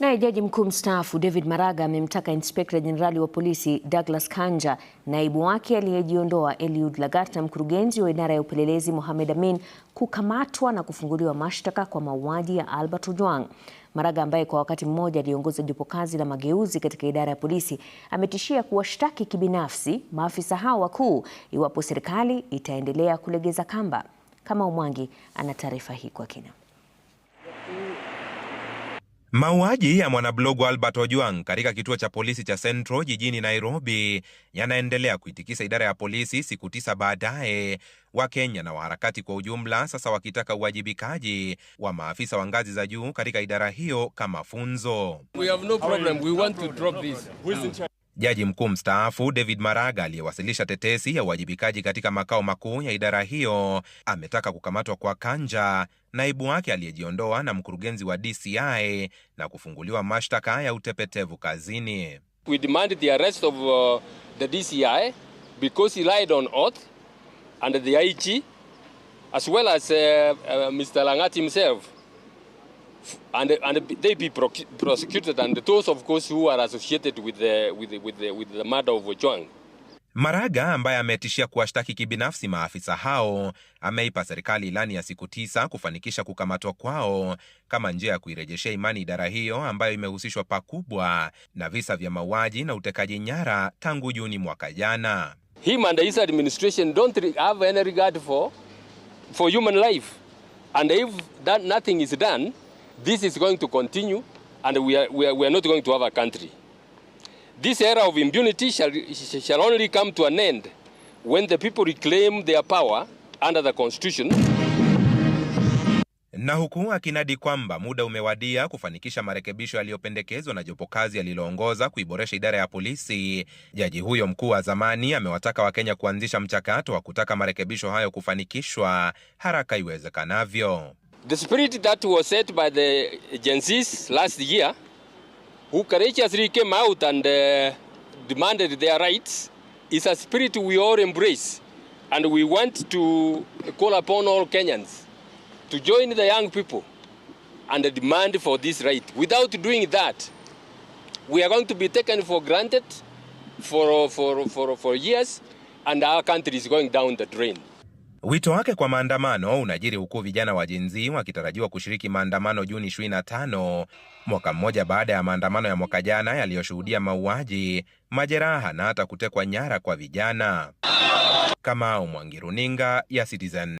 Naye jaji mkuu mstaafu David Maraga amemtaka inspekta jenerali wa polisi Douglas Kanja, naibu wake aliyejiondoa Eliud Lagat na mkurugenzi wa idara ya upelelezi Mohamed Amin kukamatwa na kufunguliwa mashtaka kwa mauaji ya Albert Ojwang. Maraga ambaye kwa wakati mmoja aliongoza jopo kazi la mageuzi katika idara ya polisi ametishia kuwashtaki kibinafsi maafisa hao wakuu iwapo serikali itaendelea kulegeza kamba. Kama Umwangi ana taarifa hii kwa kina. Mauaji ya mwanablogu Albert Ojwang katika kituo cha polisi cha Central jijini Nairobi yanaendelea kuitikisa idara ya polisi, siku tisa baadaye, Wakenya na waharakati kwa ujumla sasa wakitaka uwajibikaji wa maafisa wa ngazi za juu katika idara hiyo kama funzo. We have no problem. We want to drop this. Jaji mkuu mstaafu David Maraga aliyewasilisha tetesi ya uwajibikaji katika makao makuu ya idara hiyo ametaka kukamatwa kwa Kanja, naibu wake aliyejiondoa na mkurugenzi wa DCI na kufunguliwa mashtaka ya utepetevu kazini. We demand the arrest of uh, the DCI because he lied on oath the IG as well as uh, uh, Mr. Langati himself and, and they be prosecuted and those of course who are associated with the, with the, with the, with the murder of Ojwang. Maraga ambaye ametishia kuwashtaki kibinafsi maafisa hao ameipa serikali ilani ya siku tisa kufanikisha kukamatwa kwao kama njia ya kuirejeshea imani idara hiyo ambayo imehusishwa pakubwa na visa vya mauaji na utekaji nyara tangu Juni mwaka jana. Him and his administration don't have any regard for, for human life and if that nothing is done this is going to continue and we are, we are, we are not going to have a country. This era of impunity shall, shall only come to an end when the people reclaim their power under the constitution. Na huku akinadi kwamba muda umewadia kufanikisha marekebisho yaliyopendekezwa na jopo kazi aliloongoza kuiboresha idara ya polisi, jaji huyo mkuu wa zamani amewataka Wakenya kuanzisha mchakato wa kutaka marekebisho hayo kufanikishwa haraka iwezekanavyo. The spirit that was set by the Gen Zs last year, who courageously came out and uh, demanded their rights, is a spirit we all embrace. And we want to call upon all Kenyans to join the young people and demand for this right. Without doing that, we are going to be taken for granted for, for, for, for years, and our country is going down the drain. Wito wake kwa maandamano unajiri huku vijana wa Gen Z wakitarajiwa kushiriki maandamano Juni 25, mwaka mmoja baada ya maandamano ya mwaka jana yaliyoshuhudia mauaji, majeraha na hata kutekwa nyara kwa vijana. Kamau Mwangi, runinga ya Citizen.